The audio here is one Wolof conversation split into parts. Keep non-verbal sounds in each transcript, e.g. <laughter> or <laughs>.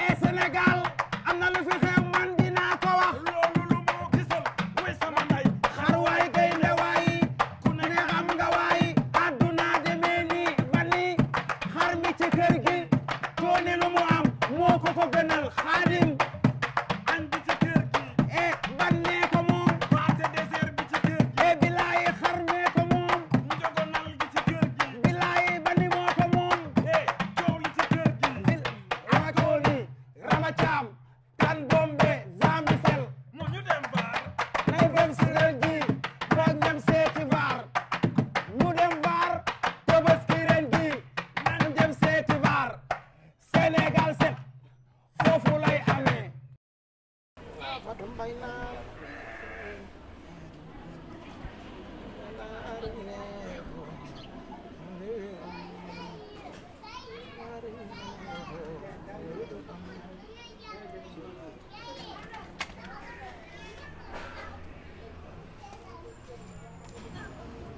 e Sénégal am na lu fi xew Yardım baylar.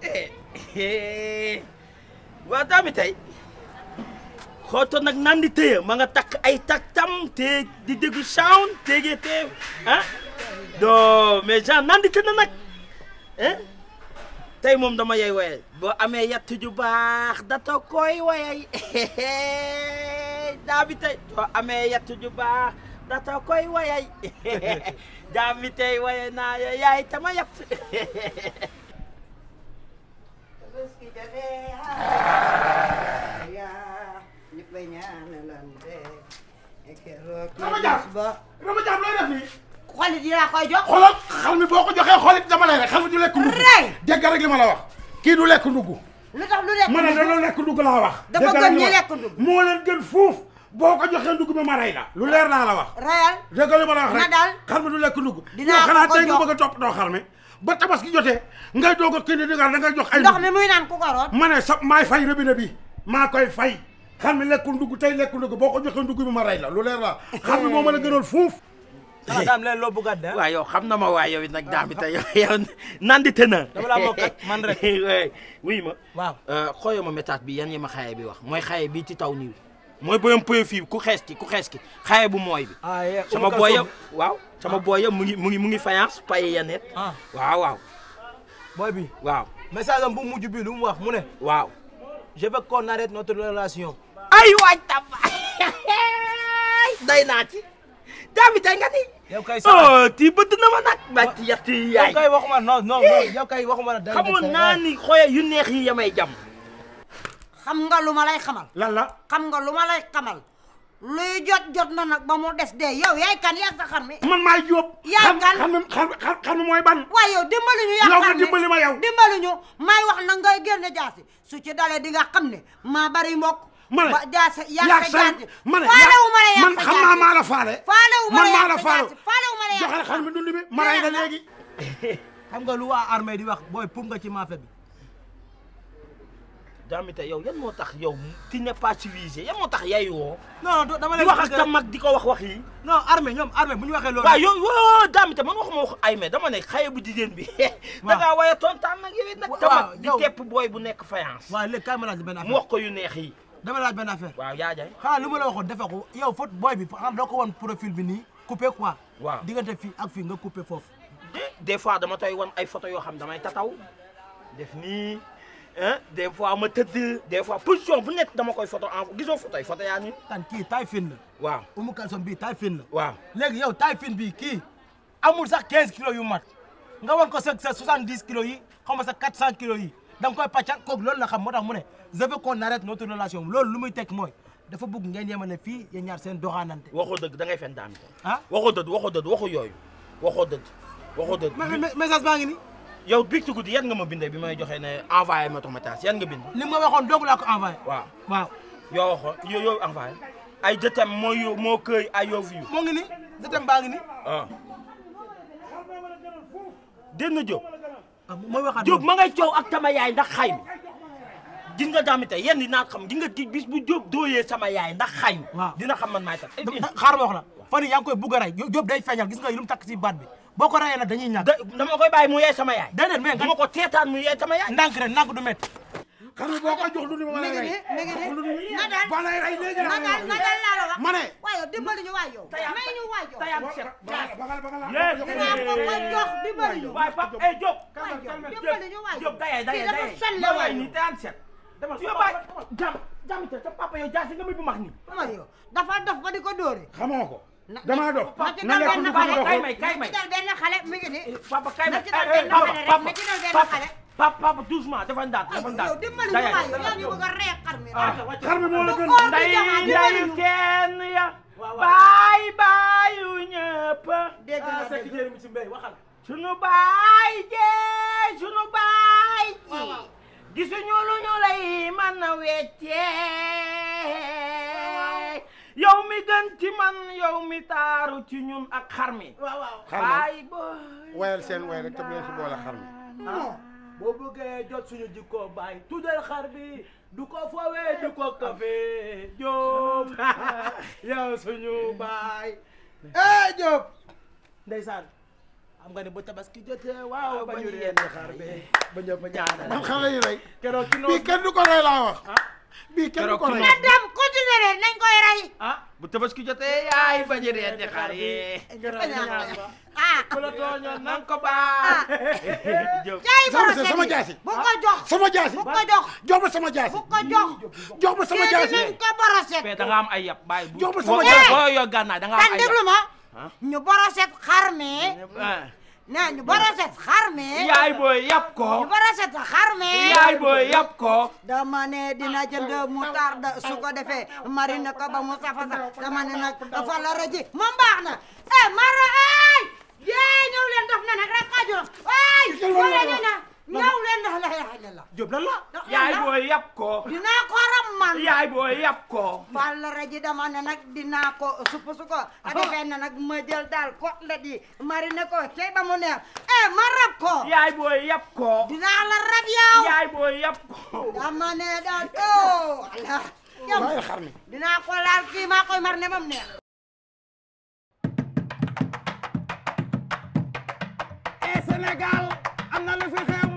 Eh, eh, waa daami nag naan di téye ma nga takk ay takk jàmm te di déglu sound tege te ah do mais genre nandite na nag ah tey moom dama yey woyal boo amee yett ju baax data koy woyay <laughs> daa bi ju baax data koy woyay <laughs> daa bi tey woye naa yaay tama yett keroog ba Rama Dia looy def nii. xolit yi laa koy jox. xoolal xal mi boo ko joxee xolit dama lay rek xal mi du lekk ndugg. rey dégg rek li ma la wax kii du lekk ndugg. lu tax lu lekk ndugg ma ne dañoo lekk ndugg laa wax. dafa gën ñu lekk ndugg moo leen gën fuuf. boo ko joxee ndugg bi ma rey la lu leer naa la wax. reyal dégg li ma la wax rek na daal xar du lekk ndugg. dinaa ko ko jox xanaa nga bëgg a topp doo xar mi ba tabaski jotee ngay doog a kii di nga da ngay jox ay. ndox mi muy naan ku ko root. ma ne sa maay fay robinet bi maa koy fay xar mi lekkul ndugg tey lekkul boo ko joxee ndugg bi ma rey la lu leer la xar mi moo mën a gënoon fuuf xanaa daam loo bëgg a dee xam na ma waaye yow nag daam it yow nandite na dama <laughs> ma waaw euh, xooyo ma méthode bi yan yi ma bi wax mooy xaye bi ci taw nii mooy boyam poye fii ku xees ki ku xees ki xaye bu mooy bi ah, eh, sama booyam waaw sama ah. mu ngi mu ngi mu ngi faïence paye yanet ah. waaw waaw booy bi waaw message am bu mujj bi lu mu wax mu ne waaw je veux qu'on arrête notre ay waaj tamba day naa ci jaabi tey nga ni. yow kay na ma nag. ba ci yaay yow kay waxuma non yu neex yi yamay jam. xam nga lu ma lay xamal. lan la xam nga lu ma lay xamal. luy jot na nag ba mu des dee yow yaay kan yaa sa xar mi. man maay yaay kan xam mooy ban. waaye yow dimbali ñu yaa xar mi dimbali ma yow. dimbali ñu may na ngay génne jaasi su ci dalee di nga xam ne maa bari mbokk. ma ne yaa sa ma ne man xam naa maa la faale. man maa la faale joxe xam mi dund bi ma rey la léegi. <laughs> xam nga lu waa armée di wax booy pour nga ci maafe bi. daamite yow yan moo tax yow tu n'es pas civilisé yan moo tax yaay woo. non dama lay wax ak tam mag di ko wax wax yi. non armée ñoom armée bu ñu waxee loolu. waaw yow woo daamite man waxuma wax ay mais dama ne xaye bu jigéen bi. <laughs> waaw da ngaa waaye tontaan nag yow it nag. waaw yow tam mag di tepp booy bu nekk faïence. waaw léegi kaay ma laaj benn affaire mu wax ko yu neex yi. dama laaj ben affaire waaw yaa lu ma la waxoon defe ko yow foot booy bi xam doo ko woon profil bi nii coupé quoi waaw diggante fii ak fii nga coupé foofu eh, des fois dama toy woon ay photo yoo xam damay tataw def nii des fois ma tëdd des fois position bu nekk dama koy photo en gisoo photo yi photo yaa ni tan kii taay fin la waaw umu kalsom bii taay fin la waaw léegi yow taay fin bii kii amul sax 15 kilos yu mat nga wan ko sa sa 70 kilos yi xaw ma sa 400 kilos yi da nga koy pàccal kooku loolu la xam moo tax mu ne je veux qu'on noo notre relation loolu lu muy teg mooy dafa bugg ngeen yemale fii yéen ñaar seen doxaanante. waxoo dëgg da ngay fen daan ko. ah waxoo dëgg waxoo dëgg waxu yooyu waxoo dëgg waxoo dëgg. message baa ngi ni yow biig ci guddi yan nga ma bindee bi may joxe ne envoyé ma message yan nga bind. li ma waxoon doogu laa ko envoyé. waaw waaw. yoo waxoon yoo yoo envoyé. ay jëtam moo yu moo këy ay yoo yu. moo ngi nii jëtam baa ngi nii. ah. dégg nga Ah, mooy waxaat Diop ma ngay coow ak sama yaay ndax xayma gis nga daami tey yenn naa xam gis nga bis bu Diop dooyee sama yaay ndax xayma. waaw dina xam man maay tax. xaaral ma wax la fan yii yaa ngi koy bugg a rey Diop day gis nga lu mu takk si baat bi boo ko reyee nag dañuy ñàkk. dama koy bàyyi mu yee sama yaay. ko teetaan mu yee sama yaay. ndànk rek ndànk du xam nga boo ko jox lu ma lay rey ba lay rey léegi la ma ne waaye dimbali ñu waay yow may ñu waay yow tayam set bagal bagal la jox dimbali ñu waay pap ay jóg dimbali ñu waay jóg daye daye daye la waay ni tayam set dama jam jam te sa papa yow jaasi nga muy bu max ni dafa dof ba di ko dóore xamoo ko dama dof na lekk ñu ko dox kay may kay may dal benn xale mi ngi ni papa kay may papa papa papa papa doucement dafa ndànk dafa ndànk. yow dimbali ma yow bëgg a rey xar mi. ah, ah xar mi moo la gën nday nday kenn ya. baay baay yu ñëpp. dégg naa ah, dégg naa mi ci mbéy waxal. sunu baay jee sunu baay ji. gisuñu lu ñu lay mën a weccee. yow mi gën ci man yow mi taaru ci ñun ak xar mi. waaw waaw xar mi baay booy. wayal seen way rek te bu leen si boole xar mi. Ah. boo bëggee jot suñu jikko baay tuddal xar bi du ko foowee du ko kafe Diop <laughs> suñu baay eh Diop ndeysaan xam nga ne bu tabaski jotee waaw ba ñu yenn xar bi ba ñëpp ñaanal. man xale yi rey. keroog ci noonu bii kenn du ko rey laa wax. Ah? bii kenn du ko rey. reer nañ koy rey ah bu tabaski jotee yaay bañ a reer di xar yi ah ku la tooñoon nan ko baa jaay borose sama jaasi bu ko jox sama jaasi bu ko jox jox ma sama jaasi bu ko jox jox ma sama jaasi nañ ko borose da nga am ay yab baay bu jox ma sama jaasi boo yor gànnaay da nga am ay yab tan déglu ma ñu borose xar mi nee ñu ba recette xar mi. yaay booy yab ko. ñu ba recette xar mi. yaay booy yab ko. dama ne dina jënd moutarde su ko defee marine ko ba mu safa sax dama ne ji moom baax eh, mara ay yee ñëw leen dof na nag rek. la Diop yaay booy yab ko dinaa ko ram man yaay booy yab ko fàllare ji dama ne nag dinaa ko supp su ko a defee ne nag ma daal côtelette yi marine ko tey ba mu neex eh ma ko yaay booy yab ko dinaa la rab yow yaay booy yab ko dama ne daal o oh, ala yow xar mi dinaa ko laal kii maa koy marine ba mu neex eh, Sénégal am na lu fi xew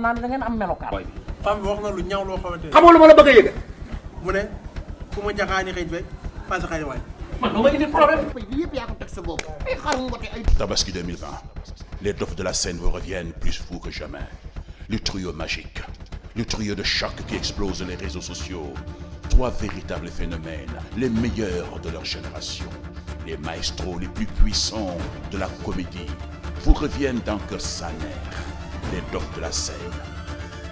xam naa ne da ngeen am melokaan. na lu ñaaw loo xamante ne. xamoo la bëgg a ne fu ma jaxaani xëy be paase xëy waay. man doo ma indi problème. lii yëpp yaa sa bopp ay xar les dofs de la scène vous reviennent plus fous que jamais le trio magique le trio de choc qui explose les réseaux sociaux trois véritables phénomènes les meilleurs de leur génération les maestros les plus puissants de la comédie vous reviennent dans Kër Saner. les dof de la scène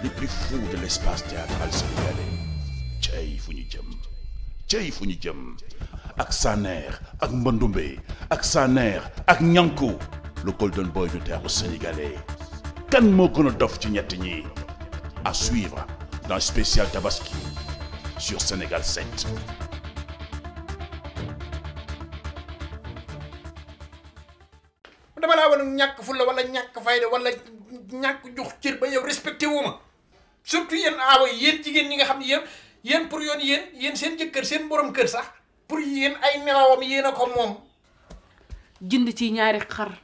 les plus fous de l'espace théâtral sénégalais cey fu ñu jëm cey fu ñu jëm ak Saner ak Mbandumbe ak Saner ak Ñanku le golden boy du théâtre sénégalais kan moo gën dof ci ñett ñi à suivre dans spécial Tabaski sur Sénégal 7. ñàkk jox cër ba yow respecté wu surtout yéen aawo yi yéen jigéen ñi nga xam ne yéen yéen pour yoon yéen yéen seen jëkkër seen borom kër sax pour yéen ay nelawam yéen a ko moom. jënd ci ñaari xar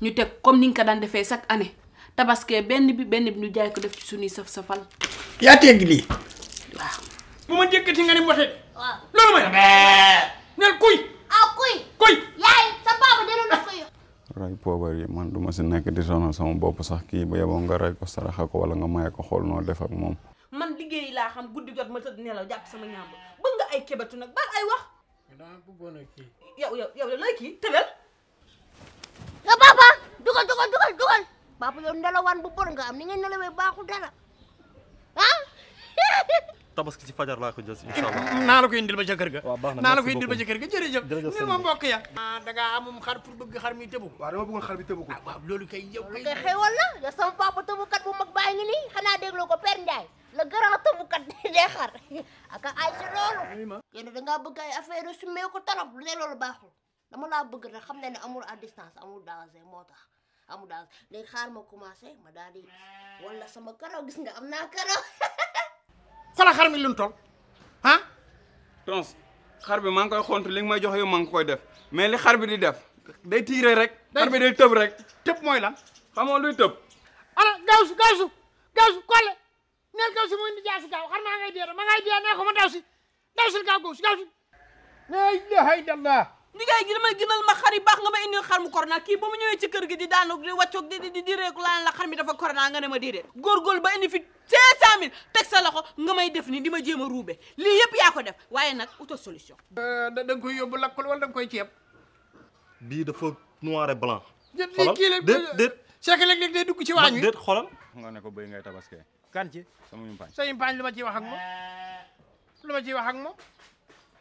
ñu teg comme ni nga ko daan defee chaque année tabaske benn bi benn bi ñu jaay ko def ci suñuy saf-safal. yaa teg lii. waaw. bu ma jëkkati nga ni mu waxee. waaw loolu nel kuy. ak poobar man du ma si nekk di sonal sama bopp sax kii ba yeboo nga rey ko saraxa ko wala nga maye ko xool noo def ak moom man liggéey laa xam guddi jot ma tëdd nelaw jàpp sama ñaam bëgg nga ay kebatu ay wax yow yow yow lay kii tëbel nga dugal dugal dugal dugal papa yow nelawaan bu bon nga am ni nga nelawee baaxul dara tabaski ci fajar laa ko jël incha allah <laughs> naa la ko indil ba ca kër ga naa la ko ba ca kër ga jërëjëf ni ah, da ngaa amum xar pour bëgg xar mi tëbu waaw dama bëggoon xar mi tëbu ko ah, waaw loolu kay yow kay xewal la yow sama papa tëbukat bu mag baa ngi nii xanaa déglu ko Père Ndiaye le grand tëbukat <laughs> des xar aka ay si loolu yéen da ngaa bëgg a affaire su mee ko torop lu ne loolu baaxul dama laa bëgg rek xam ne ne amul à distance amul danger moo tax amul danger léegi xaar ma commencé ma daal di wala sama karaw gis nga am naa karaw <laughs> xoolal xar mi lu mu toll ah. tons xar bi maa ngi koy xont li may jox yow maa ngi koy def mais li xar bi di def day tiire rek. xar bi day tëb rek. tëb mooy lan xamoo luy tëb. ala gawsu gawsu gawsu kolle neel gawsu mu indi jaasi gaaw xar maa ngay dee ma ngay dee nee ko ma daw si daw si gaaw gawsu gawsu. la ilaha illallah. ni ngay gi dama gënal ma xar baax nga ma indil xar mu corona kii ba mu ñëwee ci kër gi di daanu di wàccoog di di di reeku laan la xar mi dafa corona nga sa loxo nga may def ni di ma jéem a ruube lii yëpp yaa ko def waaye nag auto solution euh, da nga koy yóbbu lakkul wala da nga koy ceeb bii dafa noir e blanc xoolal déet déet Cheikh léeg-léeg day dugg ci waañ wi déet xoolal nga ne ko bëy ngay tabaskee kan ci sama yumpaañ sa yumpaañ lu ma ciy wax moom lu ma ciy wax ak moom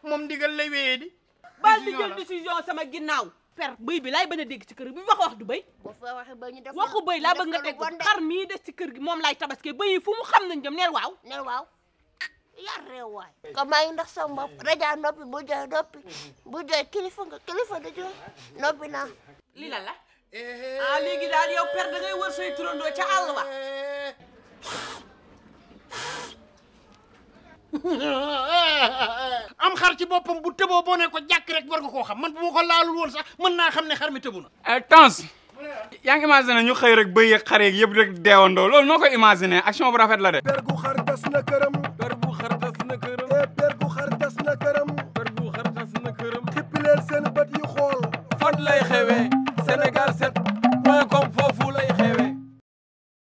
moom ndigal lay wéyee di baal di jël décision sama ginnaaw. per bay bi laay bañ a dégg ci kër gi bu ñu wax wax du bëy. waxu bëy laa bëgg nga teg xar mii des ci kër gi moom laay tabaskee bëy yi fu mu xam nañ jëm neel waaw. neel waaw yar réew waay. comme maa ngi ndax sama bopp rajo noppi bu jooy noppi bu jooy kilifa nga kilifa da jooy noppi naa. lii lan la ah léegi daal yow per da ngay wër say turandoo ca àll <laughs> am xar ci boppam bu tëboo boo ne ko jàkk rek war nga koo xam man bu ma ko laalul woon sax mën naa xam ne xar mi tëbu na. Eh, Tange yaa ngi ñu xëy rek bëy yeeg xar yeeg yëpp rek deewandoo loolu noo koy de. per gu xar tas na këram. per gu xar tas na këram. Eh, per gu na këram. per gu na këram. xippileel seen bët yi xool. fan lay xewee Sénégal set.